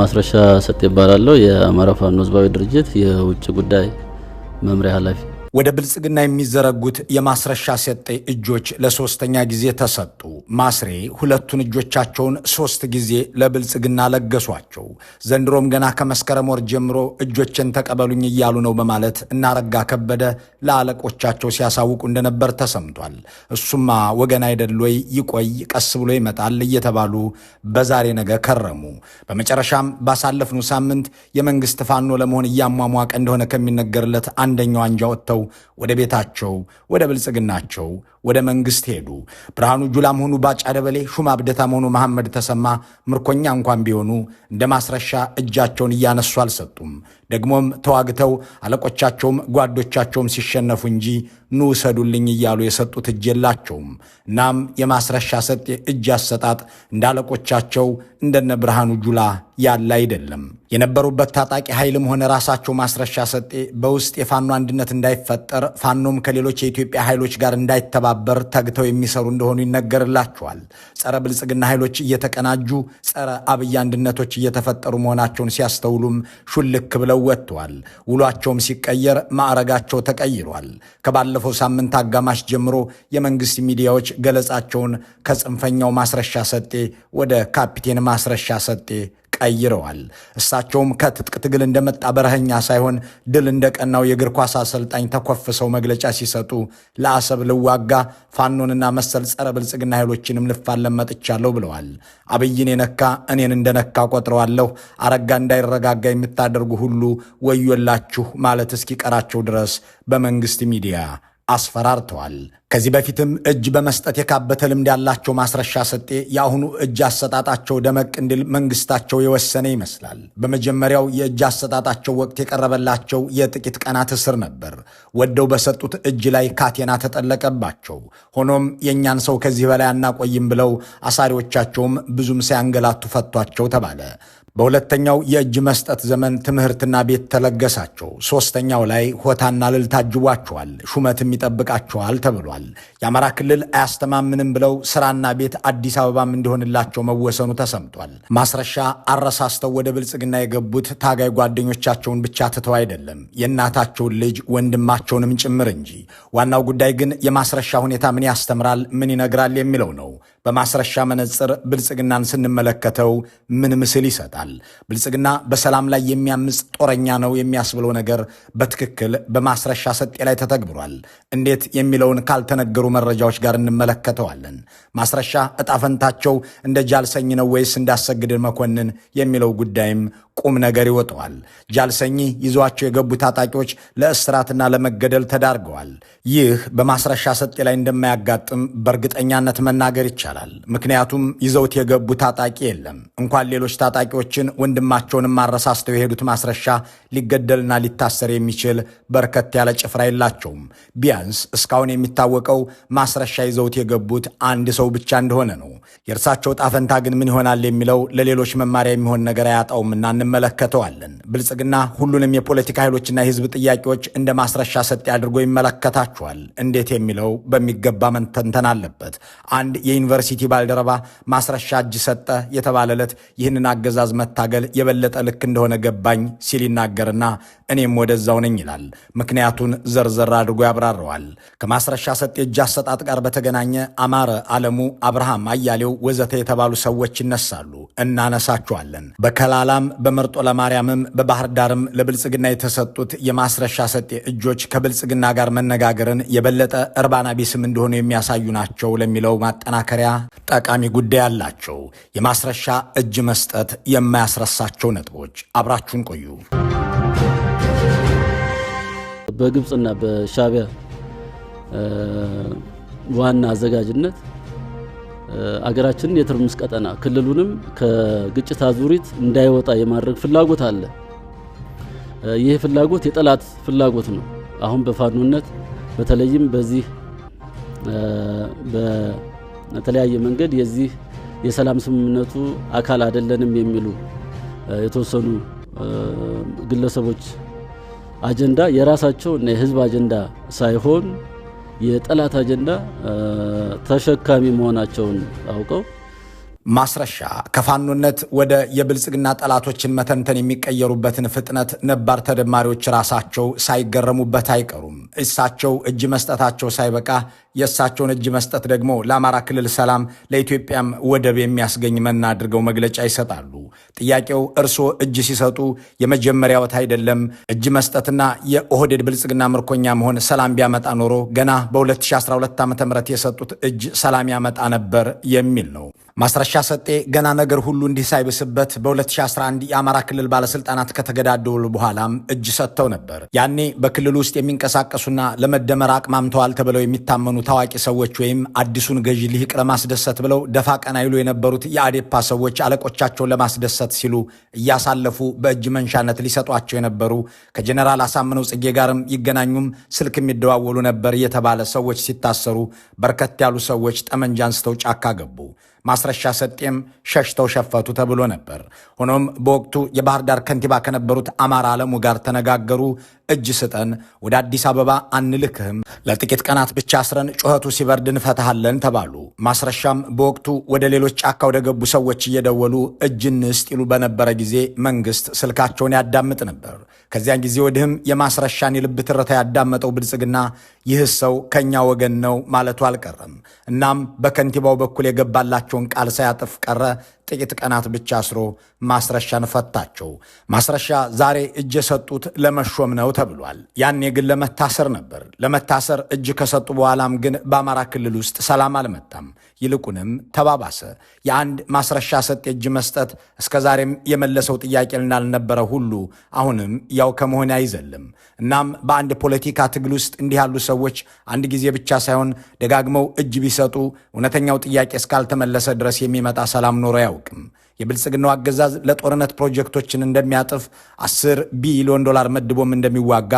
ማስረሻ ሰጥ ይባላለሁ። የአማራ ፋኖ ህዝባዊ ድርጅት የውጭ ጉዳይ መምሪያ ኃላፊ ወደ ብልጽግና የሚዘረጉት የማስረሻ ሰጤ እጆች ለሶስተኛ ጊዜ ተሰጡ። ማስሬ ሁለቱን እጆቻቸውን ሶስት ጊዜ ለብልጽግና ለገሷቸው። ዘንድሮም ገና ከመስከረም ወር ጀምሮ እጆችን ተቀበሉኝ እያሉ ነው በማለት እናረጋ ከበደ ለአለቆቻቸው ሲያሳውቁ እንደነበር ተሰምቷል። እሱማ ወገን አይደል ወይ ይቆይ፣ ቀስ ብሎ ይመጣል እየተባሉ በዛሬ ነገ ከረሙ። በመጨረሻም ባሳለፍነው ሳምንት የመንግስት ፋኖ ለመሆን እያሟሟቀ እንደሆነ ከሚነገርለት አንደኛው አንጃ ወጥተው ወደ ቤታቸው ወደ ብልጽግናቸው ወደ መንግስት ሄዱ። ብርሃኑ ጁላም ሆኑ ባጫ ደበሌ፣ ሹማ አብደታም ሆኑ መሐመድ ተሰማ ምርኮኛ እንኳን ቢሆኑ እንደ ማስረሻ እጃቸውን እያነሱ አልሰጡም። ደግሞም ተዋግተው አለቆቻቸውም ጓዶቻቸውም ሲሸነፉ እንጂ ኑ ውሰዱልኝ እያሉ የሰጡት እጅ የላቸውም። እናም የማስረሻ ሰጥ እጅ አሰጣጥ እንደ አለቆቻቸው እንደነ ብርሃኑ ጁላ ያለ አይደለም። የነበሩበት ታጣቂ ኃይልም ሆነ ራሳቸው ማስረሻ ሰጤ በውስጥ የፋኖ አንድነት እንዳይፈጠር ፋኖም ከሌሎች የኢትዮጵያ ኃይሎች ጋር እንዳይተባ ለማስተባበር ተግተው የሚሰሩ እንደሆኑ ይነገርላቸዋል። ጸረ ብልጽግና ኃይሎች እየተቀናጁ ጸረ አብይ አንድነቶች እየተፈጠሩ መሆናቸውን ሲያስተውሉም ሹልክ ብለው ወጥተዋል። ውሏቸውም ሲቀየር ማዕረጋቸው ተቀይሯል። ከባለፈው ሳምንት አጋማሽ ጀምሮ የመንግስት ሚዲያዎች ገለጻቸውን ከጽንፈኛው ማስረሻ ሰጤ ወደ ካፒቴን ማስረሻ ሰጤ ቀይረዋል። እሳቸውም ከትጥቅ ትግል እንደመጣ በረሃኛ ሳይሆን ድል እንደቀናው የእግር ኳስ አሰልጣኝ ተኮፍሰው መግለጫ ሲሰጡ ለአሰብ ልዋጋ ፋኖንና መሰል ጸረ ብልጽግና ኃይሎችንም ልፋለም መጥቻለሁ ብለዋል። አብይን የነካ እኔን እንደነካ ቆጥረዋለሁ። አረጋ እንዳይረጋጋ የምታደርጉ ሁሉ ወዮላችሁ ማለት እስኪቀራቸው ድረስ በመንግስት ሚዲያ አስፈራርተዋል። ከዚህ በፊትም እጅ በመስጠት የካበተ ልምድ ያላቸው ማስረሻ ሰጤ የአሁኑ እጅ አሰጣጣቸው ደመቅ እንዲል መንግስታቸው የወሰነ ይመስላል። በመጀመሪያው የእጅ አሰጣጣቸው ወቅት የቀረበላቸው የጥቂት ቀናት እስር ነበር። ወደው በሰጡት እጅ ላይ ካቴና ተጠለቀባቸው። ሆኖም የእኛን ሰው ከዚህ በላይ አናቆይም ብለው አሳሪዎቻቸውም ብዙም ሳያንገላቱ ፈቷቸው ተባለ። በሁለተኛው የእጅ መስጠት ዘመን ትምህርትና ቤት ተለገሳቸው። ሶስተኛው ላይ ሆታና ልል ታጅቧቸዋል፣ ሹመትም ይጠብቃቸዋል ተብሏል። የአማራ ክልል አያስተማምንም ብለው ስራና ቤት አዲስ አበባም እንዲሆንላቸው መወሰኑ ተሰምቷል። ማስረሻ አረሳስተው ወደ ብልጽግና የገቡት ታጋይ ጓደኞቻቸውን ብቻ ትተው አይደለም፣ የእናታቸውን ልጅ ወንድማቸውንም ጭምር እንጂ። ዋናው ጉዳይ ግን የማስረሻ ሁኔታ ምን ያስተምራል፣ ምን ይነግራል የሚለው ነው። በማስረሻ መነጽር ብልጽግናን ስንመለከተው ምን ምስል ይሰጣል? ይላል። ብልጽግና በሰላም ላይ የሚያምፅ ጦረኛ ነው የሚያስብለው ነገር በትክክል በማስረሻ ሰጤ ላይ ተተግብሯል። እንዴት የሚለውን ካልተነገሩ መረጃዎች ጋር እንመለከተዋለን። ማስረሻ እጣፈንታቸው እንደ ጃልሰኝ ነው ወይስ እንዳሰግድን መኮንን የሚለው ጉዳይም ቁም ነገር ይወጠዋል። ጃልሰኚ ይዟቸው የገቡ ታጣቂዎች ለእስራትና ለመገደል ተዳርገዋል። ይህ በማስረሻ ሰጤ ላይ እንደማያጋጥም በእርግጠኛነት መናገር ይቻላል። ምክንያቱም ይዘውት የገቡ ታጣቂ የለም። እንኳን ሌሎች ታጣቂዎችን ወንድማቸውንም ማረሳስተው የሄዱት ማስረሻ ሊገደልና ሊታሰር የሚችል በርከት ያለ ጭፍራ የላቸውም። ቢያንስ እስካሁን የሚታወቀው ማስረሻ ይዘውት የገቡት አንድ ሰው ብቻ እንደሆነ ነው። የእርሳቸው ጣፈንታ ግን ምን ይሆናል የሚለው ለሌሎች መማሪያ የሚሆን ነገር አያጣውምና እንመለከተዋለን። ብልጽግና ሁሉንም የፖለቲካ ኃይሎችና የህዝብ ጥያቄዎች እንደ ማስረሻ ሰጤ አድርጎ ይመለከታቸዋል። እንዴት የሚለው በሚገባ መንተንተን አለበት። አንድ የዩኒቨርሲቲ ባልደረባ ማስረሻ እጅ ሰጠ የተባለለት ይህንን አገዛዝ መታገል የበለጠ ልክ እንደሆነ ገባኝ ሲል ይናገርና እኔም ወደዛው ነኝ ይላል። ምክንያቱን ዘርዘር አድርጎ ያብራረዋል። ከማስረሻ ሰጤ እጅ አሰጣጥ ጋር በተገናኘ አማረ አለሙ፣ አብርሃም አያሌው ወዘተ የተባሉ ሰዎች ይነሳሉ። እናነሳቸዋለን። በከላላም በመ መርጦ ለማርያምም በባህር ዳርም ለብልጽግና የተሰጡት የማስረሻ ሰጤ እጆች ከብልጽግና ጋር መነጋገርን የበለጠ እርባና ቢስም እንደሆኑ የሚያሳዩ ናቸው ለሚለው ማጠናከሪያ ጠቃሚ ጉዳይ አላቸው። የማስረሻ እጅ መስጠት የማያስረሳቸው ነጥቦች አብራችሁን ቆዩ። በግብፅና በሻቢያ ዋና አዘጋጅነት አገራችንን የትርምስ ቀጠና ክልሉንም ከግጭት አዙሪት እንዳይወጣ የማድረግ ፍላጎት አለ። ይህ ፍላጎት የጠላት ፍላጎት ነው። አሁን በፋኖነት በተለይም በዚህ በተለያየ መንገድ የዚህ የሰላም ስምምነቱ አካል አይደለንም የሚሉ የተወሰኑ ግለሰቦች አጀንዳ የራሳቸው እና የህዝብ አጀንዳ ሳይሆን የጠላት አጀንዳ ተሸካሚ መሆናቸውን አውቀው ማስረሻ ከፋኖነት ወደ የብልጽግና ጠላቶችን መተንተን የሚቀየሩበትን ፍጥነት ነባር ተደማሪዎች ራሳቸው ሳይገረሙበት አይቀሩም። እሳቸው እጅ መስጠታቸው ሳይበቃ የእሳቸውን እጅ መስጠት ደግሞ ለአማራ ክልል ሰላም፣ ለኢትዮጵያም ወደብ የሚያስገኝ መና አድርገው መግለጫ ይሰጣሉ። ጥያቄው እርስዎ እጅ ሲሰጡ የመጀመሪያዎት አይደለም። እጅ መስጠትና የኦህዴድ ብልጽግና ምርኮኛ መሆን ሰላም ቢያመጣ ኖሮ ገና በ2012 ዓ ም የሰጡት እጅ ሰላም ያመጣ ነበር የሚል ነው። ማስረሻ ሰጤ ገና ነገር ሁሉ እንዲህ ሳይብስበት በ2011 የአማራ ክልል ባለስልጣናት ከተገዳደሉ በኋላም እጅ ሰጥተው ነበር። ያኔ በክልል ውስጥ የሚንቀሳቀሱና ለመደመር አቅማምተዋል ተብለው የሚታመኑት ታዋቂ ሰዎች ወይም አዲሱን ገዢ ልሂቅ ለማስደሰት ብለው ደፋ ቀና ይሉ የነበሩት የአዴፓ ሰዎች አለቆቻቸውን ለማስደሰት ሲሉ እያሳለፉ በእጅ መንሻነት ሊሰጧቸው የነበሩ ከጀኔራል አሳምነው ጽጌ ጋርም ይገናኙም ስልክ የሚደዋወሉ ነበር የተባለ ሰዎች ሲታሰሩ በርከት ያሉ ሰዎች ጠመንጃ አንስተው ጫካ ገቡ። ማስረሻ ሰጤም ሸሽተው ሸፈቱ ተብሎ ነበር። ሆኖም በወቅቱ የባህር ዳር ከንቲባ ከነበሩት አማራ አለሙ ጋር ተነጋገሩ። እጅ ስጠን፣ ወደ አዲስ አበባ አንልክህም፣ ለጥቂት ቀናት ብቻ አስረን ጩኸቱ ሲበርድ እንፈታሃለን ተባሉ። ማስረሻም በወቅቱ ወደ ሌሎች ጫካ ወደ ገቡ ሰዎች እየደወሉ እጅ እንስጥ ይሉ በነበረ ጊዜ መንግስት ስልካቸውን ያዳምጥ ነበር። ከዚያን ጊዜ ወዲህም የማስረሻን የልብ ትርታ ያዳመጠው ብልጽግና ይህ ሰው ከእኛ ወገን ነው ማለቱ አልቀረም። እናም በከንቲባው በኩል የገባላቸውን ቃል ሳያጥፍ ቀረ ጥቂት ቀናት ብቻ አስሮ ማስረሻን ፈታቸው። ማስረሻ ዛሬ እጅ የሰጡት ለመሾም ነው ተብሏል። ያኔ ግን ለመታሰር ነበር። ለመታሰር እጅ ከሰጡ በኋላም ግን በአማራ ክልል ውስጥ ሰላም አልመጣም፣ ይልቁንም ተባባሰ። የአንድ ማስረሻ ሰጥ የእጅ መስጠት እስከ ዛሬም የመለሰው ጥያቄ እንዳልነበረ ሁሉ አሁንም ያው ከመሆን አይዘልም። እናም በአንድ ፖለቲካ ትግል ውስጥ እንዲህ ያሉ ሰዎች አንድ ጊዜ ብቻ ሳይሆን ደጋግመው እጅ ቢሰጡ እውነተኛው ጥያቄ እስካልተመለሰ ድረስ የሚመጣ ሰላም ኖሮ ያው አያውቅም። የብልጽግናው አገዛዝ ለጦርነት ፕሮጀክቶችን እንደሚያጥፍ፣ 10 ቢሊዮን ዶላር መድቦም እንደሚዋጋ፣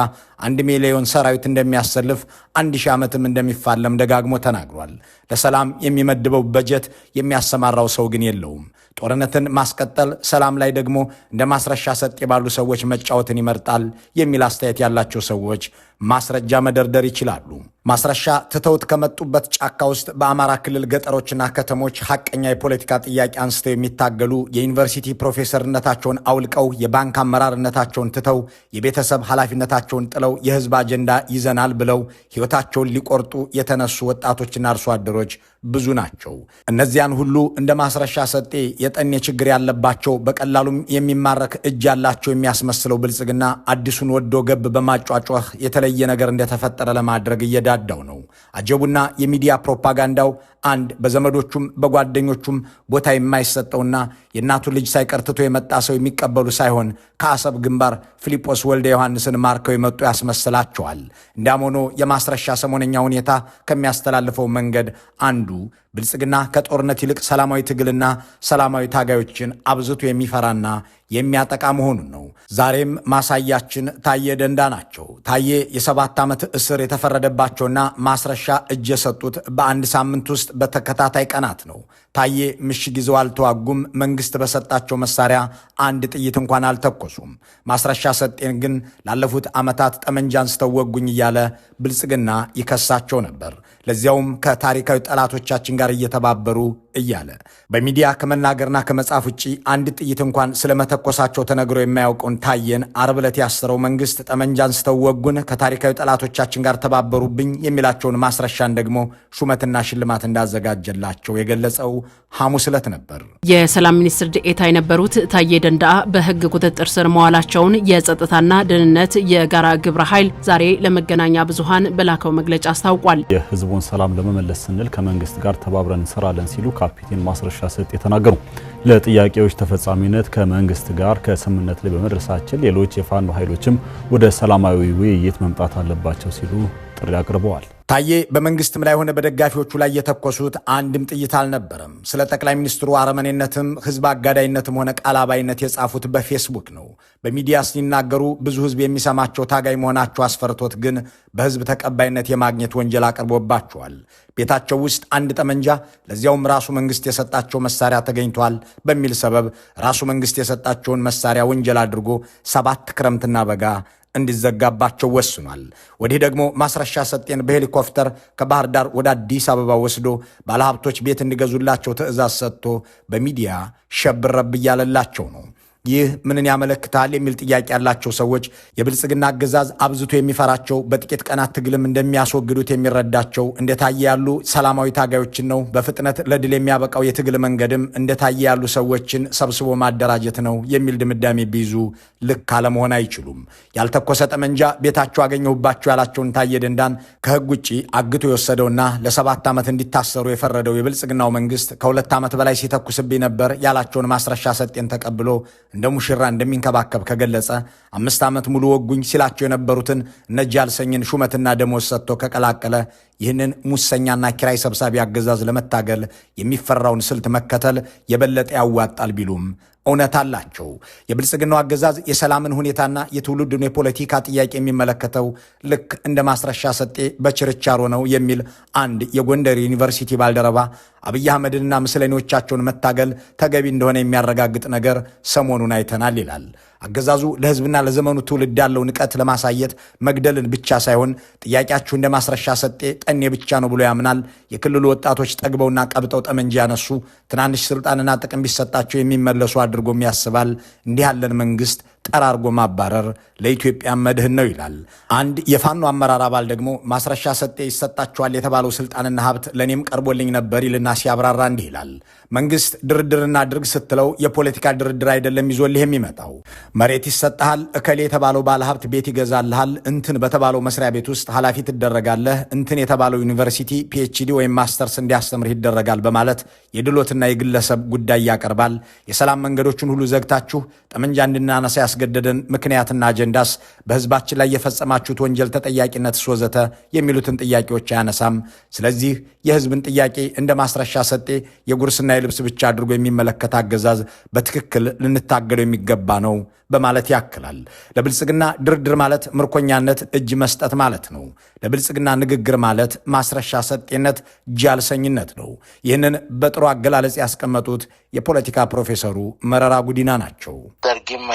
አንድ ሚሊዮን ሰራዊት እንደሚያሰልፍ፣ አንድ ሺህ ዓመትም እንደሚፋለም ደጋግሞ ተናግሯል። ለሰላም የሚመድበው በጀት የሚያሰማራው ሰው ግን የለውም። ጦርነትን ማስቀጠል፣ ሰላም ላይ ደግሞ እንደ ማስረሻ ሰጤ ባሉ ሰዎች መጫወትን ይመርጣል የሚል አስተያየት ያላቸው ሰዎች ማስረጃ መደርደር ይችላሉ። ማስረሻ ትተውት ከመጡበት ጫካ ውስጥ በአማራ ክልል ገጠሮችና ከተሞች ሐቀኛ የፖለቲካ ጥያቄ አንስተው የሚታገሉ የዩኒቨርሲቲ ፕሮፌሰርነታቸውን አውልቀው የባንክ አመራርነታቸውን ትተው የቤተሰብ ኃላፊነታቸውን ጥለው የሕዝብ አጀንዳ ይዘናል ብለው ሕይወታቸውን ሊቆርጡ የተነሱ ወጣቶችና አርሶ አደሮች ብዙ ናቸው። እነዚያን ሁሉ እንደ ማስረሻ ሰጤ የጠኔ ችግር ያለባቸው በቀላሉም የሚማረክ እጅ ያላቸው የሚያስመስለው ብልጽግና አዲሱን ወዶ ገብ በማጫጫህ የተለየ ነገር እንደተፈጠረ ለማድረግ እየዳዳው ነው። አጀቡና የሚዲያ ፕሮፓጋንዳው አንድ በዘመዶቹም በጓደኞቹም ቦታ የማይሰጠውና የእናቱ ልጅ ሳይቀር ትቶ የመጣ ሰው የሚቀበሉ ሳይሆን ከአሰብ ግንባር ፊልጶስ ወልደ ዮሐንስን ማርከው የመጡ ያስመስላቸዋል። እንዲያም ሆኖ የማስረሻ ሰሞነኛ ሁኔታ ከሚያስተላልፈው መንገድ አንዱ ብልጽግና ከጦርነት ይልቅ ሰላማዊ ትግልና ሰላም ሰላማዊ ታጋዮችን አብዝቶ የሚፈራና የሚያጠቃ መሆኑን ነው። ዛሬም ማሳያችን ታዬ ደንዳ ናቸው። ታዬ የሰባት ዓመት እስር የተፈረደባቸውና ማስረሻ እጅ የሰጡት በአንድ ሳምንት ውስጥ በተከታታይ ቀናት ነው። ታዬ ምሽግ ይዘው አልተዋጉም። መንግስት በሰጣቸው መሳሪያ አንድ ጥይት እንኳን አልተኮሱም። ማስረሻ ሰጤን ግን ላለፉት ዓመታት ጠመንጃ አንስተው ወጉኝ እያለ ብልጽግና ይከሳቸው ነበር። ለዚያውም ከታሪካዊ ጠላቶቻችን ጋር እየተባበሩ እያለ በሚዲያ ከመናገርና ከመጻፍ ውጭ አንድ ጥይት እንኳን ስለመተ እንደተኮሳቸው ተነግሮ የማያውቀውን ታየን አርብ ዕለት ያሰረው መንግስት ጠመንጃ አንስተው ወጉን፣ ከታሪካዊ ጠላቶቻችን ጋር ተባበሩብኝ የሚላቸውን ማስረሻን ደግሞ ሹመትና ሽልማት እንዳዘጋጀላቸው የገለጸው ሐሙስ ዕለት ነበር። የሰላም ሚኒስትር ዴኤታ የነበሩት ታዬ ደንዳ በህግ ቁጥጥር ስር መዋላቸውን የጸጥታና ደህንነት የጋራ ግብረ ኃይል ዛሬ ለመገናኛ ብዙሃን በላከው መግለጫ አስታውቋል። የህዝቡን ሰላም ለመመለስ ስንል ከመንግስት ጋር ተባብረን እንሰራለን ሲሉ ካፒቴን ማስረሻ ሰጥ የተናገሩ ለጥያቄዎች ተፈጻሚነት ከመንግስት ጋር ከስምምነት ላይ በመድረሳችን ሌሎች የፋኖ ኃይሎችም ወደ ሰላማዊ ውይይት መምጣት አለባቸው ሲሉ ጥሪ አቅርበዋል። ታዬ በመንግስትም ላይ ሆነ በደጋፊዎቹ ላይ የተኮሱት አንድም ጥይት አልነበረም። ስለ ጠቅላይ ሚኒስትሩ አረመኔነትም ህዝብ አጋዳይነትም ሆነ ቃል አባይነት የጻፉት በፌስቡክ ነው። በሚዲያ ሲናገሩ ብዙ ህዝብ የሚሰማቸው ታጋይ መሆናቸው አስፈርቶት ግን በህዝብ ተቀባይነት የማግኘት ወንጀል አቅርቦባቸዋል። ቤታቸው ውስጥ አንድ ጠመንጃ ለዚያውም ራሱ መንግስት የሰጣቸው መሳሪያ ተገኝቷል በሚል ሰበብ ራሱ መንግስት የሰጣቸውን መሳሪያ ወንጀል አድርጎ ሰባት ክረምትና በጋ እንዲዘጋባቸው ወስኗል። ወዲህ ደግሞ ማስረሻ ሰጤን በሄሊኮፕተር ከባህር ዳር ወደ አዲስ አበባ ወስዶ ባለሀብቶች ቤት እንዲገዙላቸው ትዕዛዝ ሰጥቶ በሚዲያ ሸብረብ እያለላቸው ነው። ይህ ምንን ያመለክታል የሚል ጥያቄ ያላቸው ሰዎች የብልጽግና አገዛዝ አብዝቶ የሚፈራቸው በጥቂት ቀናት ትግልም እንደሚያስወግዱት የሚረዳቸው እንደታየ ያሉ ሰላማዊ ታጋዮችን ነው። በፍጥነት ለድል የሚያበቃው የትግል መንገድም እንደታየ ያሉ ሰዎችን ሰብስቦ ማደራጀት ነው የሚል ድምዳሜ ቢይዙ ልክ አለመሆን አይችሉም። ያልተኮሰ ጠመንጃ ቤታቸው አገኘሁባቸው ያላቸውን ታየ ደንዳን ከህግ ውጭ አግቶ የወሰደውና ለሰባት ዓመት እንዲታሰሩ የፈረደው የብልጽግናው መንግስት ከሁለት ዓመት በላይ ሲተኩስብኝ ነበር ያላቸውን ማስረሻ ሰጤን ተቀብሎ እንደ ሙሽራ እንደሚንከባከብ ከገለጸ አምስት ዓመት ሙሉ ወጉኝ ሲላቸው የነበሩትን እነ ጃልሰኝን ሹመትና ደሞዝ ሰጥቶ ከቀላቀለ ይህንን ሙሰኛና ኪራይ ሰብሳቢ አገዛዝ ለመታገል የሚፈራውን ስልት መከተል የበለጠ ያዋጣል ቢሉም እውነት አላቸው። የብልጽግናው አገዛዝ የሰላምን ሁኔታና የትውልዱን የፖለቲካ ጥያቄ የሚመለከተው ልክ እንደ ማስረሻ ሰጤ በችርቻሮ ነው የሚል አንድ የጎንደር ዩኒቨርሲቲ ባልደረባ አብይ አህመድንና ምስለኔዎቻቸውን መታገል ተገቢ እንደሆነ የሚያረጋግጥ ነገር ሰሞኑን አይተናል ይላል። አገዛዙ ለህዝብና ለዘመኑ ትውልድ ያለው ንቀት ለማሳየት መግደልን ብቻ ሳይሆን ጥያቄያችሁ እንደ ማስረሻ ሰጤ ጠኔ ብቻ ነው ብሎ ያምናል። የክልሉ ወጣቶች ጠግበውና ቀብጠው ጠመንጃ ያነሱ፣ ትናንሽ ስልጣንና ጥቅም ቢሰጣቸው የሚመለሱ አድርጎም ያስባል። እንዲህ ያለን መንግስት ጠራርጎ ማባረር ለኢትዮጵያ መድህን ነው ይላል። አንድ የፋኖ አመራር አባል ደግሞ ማስረሻ ሰጤ ይሰጣቸዋል የተባለው ስልጣንና ሀብት ለእኔም ቀርቦልኝ ነበር ይልና ሲያብራራ እንዲህ ይላል። መንግስት ድርድርና ድርግ ስትለው የፖለቲካ ድርድር አይደለም ይዞልህ የሚመጣው መሬት ይሰጥሃል፣ እከሌ የተባለው ባለሀብት ቤት ይገዛልሃል፣ እንትን በተባለው መስሪያ ቤት ውስጥ ኃላፊ ትደረጋለህ፣ እንትን የተባለው ዩኒቨርሲቲ ፒኤችዲ ወይም ማስተርስ እንዲያስተምርህ ይደረጋል በማለት የድሎትና የግለሰብ ጉዳይ ያቀርባል። የሰላም መንገዶችን ሁሉ ዘግታችሁ ጠመንጃ እንድናነሳ ያስገደደን ምክንያትና አጀንዳስ በህዝባችን ላይ የፈጸማችሁት ወንጀል ተጠያቂነት ስወዘተ የሚሉትን ጥያቄዎች አያነሳም። ስለዚህ የህዝብን ጥያቄ እንደ ማስረሻ ሰጤ የጉርስና ሰማያዊ ልብስ ብቻ አድርጎ የሚመለከት አገዛዝ በትክክል ልንታገደው የሚገባ ነው በማለት ያክላል። ለብልጽግና ድርድር ማለት ምርኮኛነት እጅ መስጠት ማለት ነው። ለብልጽግና ንግግር ማለት ማስረሻ ሰጤነት፣ ጃልሰኝነት ነው። ይህንን በጥሩ አገላለጽ ያስቀመጡት የፖለቲካ ፕሮፌሰሩ መረራ ጉዲና ናቸው። ደርግም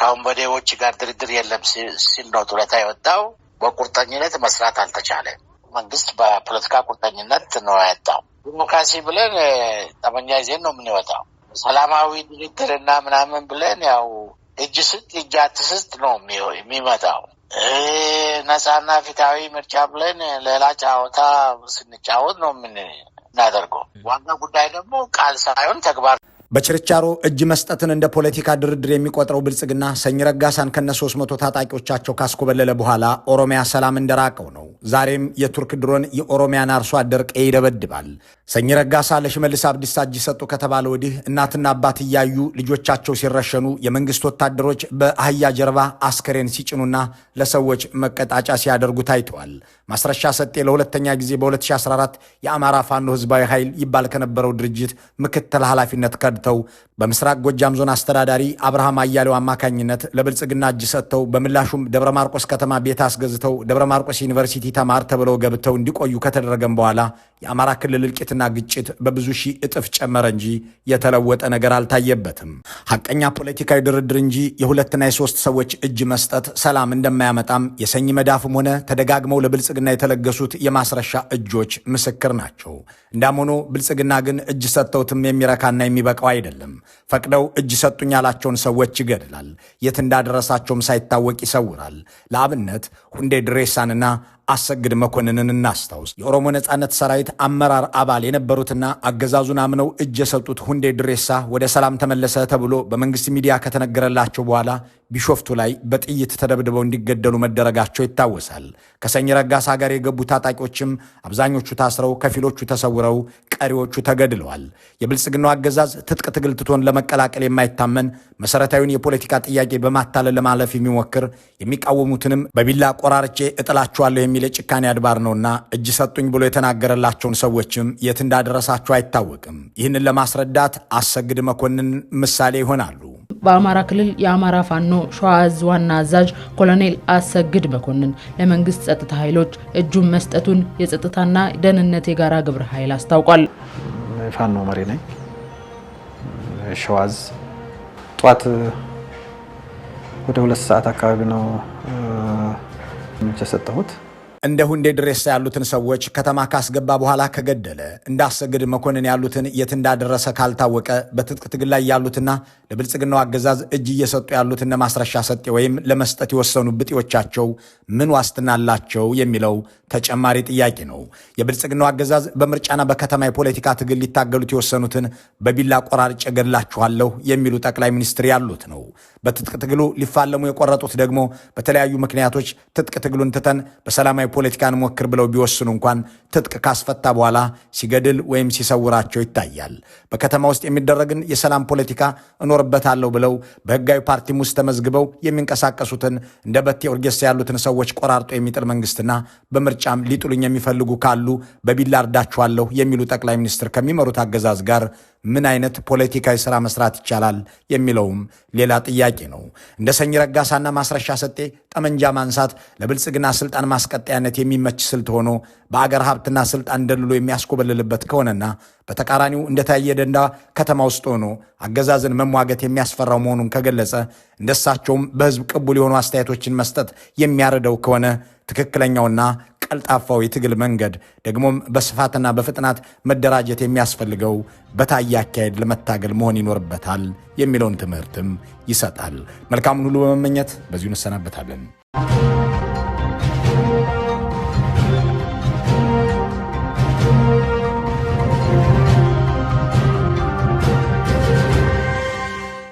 ከአሁን ወዲያዎች ጋር ድርድር የለም ሲል ነው ጡረታ የወጣው። በቁርጠኝነት መስራት አልተቻለም። መንግስት በፖለቲካ ቁርጠኝነት ነው ያጣው። ዲሞክራሲ ብለን ጠመንጃ ይዘን ነው የምንወጣው። ሰላማዊ ድርድር እና ምናምን ብለን ያው እጅ ስጥ እጅ አትስጥ ነው የሚመጣው። ነፃና ፊታዊ ምርጫ ብለን ሌላ ጫወታ ስንጫወት ነው የምናደርገው። ዋና ጉዳይ ደግሞ ቃል ሳይሆን ተግባር በችርቻሮ እጅ መስጠትን እንደ ፖለቲካ ድርድር የሚቆጥረው ብልጽግና ሰኝ ረጋሳን ከነ ሶስት መቶ ታጣቂዎቻቸው ካስኮበለለ በኋላ ኦሮሚያ ሰላም እንደራቀው ነው ዛሬም የቱርክ ድሮን የኦሮሚያን አርሶ አደር ቀይ ይደበድባል። ሰኝ ረጋሳ ለሽመልስ አብዲሳ እጅ ሰጡ ከተባለ ወዲህ እናትና አባት እያዩ ልጆቻቸው ሲረሸኑ የመንግስት ወታደሮች በአህያ ጀርባ አስከሬን ሲጭኑና ለሰዎች መቀጣጫ ሲያደርጉ ታይተዋል። ማስረሻ ሰጤ ለሁለተኛ ጊዜ በ2014 የአማራ ፋኖ ህዝባዊ ኃይል ይባል ከነበረው ድርጅት ምክትል ኃላፊነት ከድተው በምስራቅ ጎጃም ዞን አስተዳዳሪ አብርሃም አያሌው አማካኝነት ለብልጽግና እጅ ሰጥተው በምላሹም ደብረ ማርቆስ ከተማ ቤት አስገዝተው ደብረ ማርቆስ ዩኒቨርሲቲ ዩኒቨርሲቲ ተማር ተብለው ገብተው እንዲቆዩ ከተደረገም በኋላ የአማራ ክልል እልቂትና ግጭት በብዙ ሺህ እጥፍ ጨመረ እንጂ የተለወጠ ነገር አልታየበትም። ሀቀኛ ፖለቲካዊ ድርድር እንጂ የሁለትና የሶስት ሰዎች እጅ መስጠት ሰላም እንደማያመጣም የሰኝ መዳፍም ሆነ ተደጋግመው ለብልጽግና የተለገሱት የማስረሻ እጆች ምስክር ናቸው። እንዳም ሆኖ ብልጽግና ግን እጅ ሰጥተውትም የሚረካና የሚበቃው አይደለም። ፈቅደው እጅ ሰጡኝ ያላቸውን ሰዎች ይገድላል። የት እንዳደረሳቸውም ሳይታወቅ ይሰውራል። ለአብነት ሁንዴ ድሬሳንና አሰግድ መኮንንን እናስታውስ። የኦሮሞ ነጻነት ሰራዊት አመራር አባል የነበሩትና አገዛዙን አምነው እጅ የሰጡት ሁንዴ ድሬሳ ወደ ሰላም ተመለሰ ተብሎ በመንግስት ሚዲያ ከተነገረላቸው በኋላ ቢሾፍቱ ላይ በጥይት ተደብድበው እንዲገደሉ መደረጋቸው ይታወሳል። ከሰኝ ረጋሳ ጋር የገቡ ታጣቂዎችም አብዛኞቹ ታስረው ከፊሎቹ ተሰውረው ቀሪዎቹ ተገድለዋል። የብልጽግናው አገዛዝ ትጥቅ ትግል ትቶን ለመቀላቀል የማይታመን መሰረታዊን የፖለቲካ ጥያቄ በማታለል ለማለፍ የሚሞክር የሚቃወሙትንም በቢላ ቆራርጬ እጥላችኋለሁ የሚል የጭካኔ አድባር ነውና እጅ ሰጡኝ ብሎ የተናገረላቸው የገደላቸውን ሰዎችም የት እንዳደረሳቸው አይታወቅም። ይህንን ለማስረዳት አሰግድ መኮንን ምሳሌ ይሆናሉ። በአማራ ክልል የአማራ ፋኖ ሸዋ ዋና አዛዥ ኮሎኔል አሰግድ መኮንን ለመንግስት ጸጥታ ኃይሎች እጁን መስጠቱን የጸጥታና ደህንነት የጋራ ግብረ ኃይል አስታውቋል። ፋኖ መሪ ነኝ። ሸዋ ጠዋት ወደ ሁለት ሰዓት አካባቢ ነው የሰጠሁት። እንደ ሁንዴ ድሬሳ ያሉትን ሰዎች ከተማ ካስገባ በኋላ ከገደለ እንዳሰግድ መኮንን ያሉትን የት እንዳደረሰ ካልታወቀ በትጥቅ ትግል ላይ ያሉትና ለብልጽግናው አገዛዝ እጅ እየሰጡ ያሉትን ለማስረሻ ሰጤ ወይም ለመስጠት የወሰኑ ብጤዎቻቸው ምን ዋስትና አላቸው የሚለው ተጨማሪ ጥያቄ ነው። የብልጽግናው አገዛዝ በምርጫና በከተማ የፖለቲካ ትግል ሊታገሉት የወሰኑትን በቢላ ቆራርጬ ገድላችኋለሁ የሚሉ ጠቅላይ ሚኒስትር ያሉት ነው። በትጥቅ ትግሉ ሊፋለሙ የቆረጡት ደግሞ በተለያዩ ምክንያቶች ትጥቅ ትግሉን ትተን በሰላማዊ ፖለቲካን ሞክር ብለው ቢወስኑ እንኳን ትጥቅ ካስፈታ በኋላ ሲገድል ወይም ሲሰውራቸው ይታያል። በከተማ ውስጥ የሚደረግን የሰላም ፖለቲካ እኖርበታለሁ ብለው በህጋዊ ፓርቲም ውስጥ ተመዝግበው የሚንቀሳቀሱትን እንደ በቴ ኦርጌሳ ያሉትን ሰዎች ቆራርጦ የሚጥል መንግስትና በምርጫም ሊጥሉኝ የሚፈልጉ ካሉ በቢላ እርዳችኋለሁ የሚሉ ጠቅላይ ሚኒስትር ከሚመሩት አገዛዝ ጋር ምን አይነት ፖለቲካዊ ስራ መስራት ይቻላል የሚለውም ሌላ ጥያቄ ነው። እንደ ሰኝ ረጋሳና ማስረሻ ሰጤ ጠመንጃ ማንሳት ለብልጽግና ስልጣን ማስቀጠያነት የሚመች ስልት ሆኖ በአገር ሀብትና ስልጣን ደልሎ የሚያስኮበልልበት ከሆነና በተቃራኒው እንደ ታየ ደንዳ ከተማ ውስጥ ሆኖ አገዛዝን መሟገት የሚያስፈራው መሆኑን ከገለጸ እንደሳቸውም በህዝብ ቅቡል የሆኑ አስተያየቶችን መስጠት የሚያርደው ከሆነ ትክክለኛውና ቀልጣፋው የትግል መንገድ ደግሞም በስፋትና በፍጥነት መደራጀት የሚያስፈልገው በታየ አካሄድ ለመታገል መሆን ይኖርበታል የሚለውን ትምህርትም ይሰጣል። መልካሙን ሁሉ በመመኘት በዚሁ እንሰናበታለን።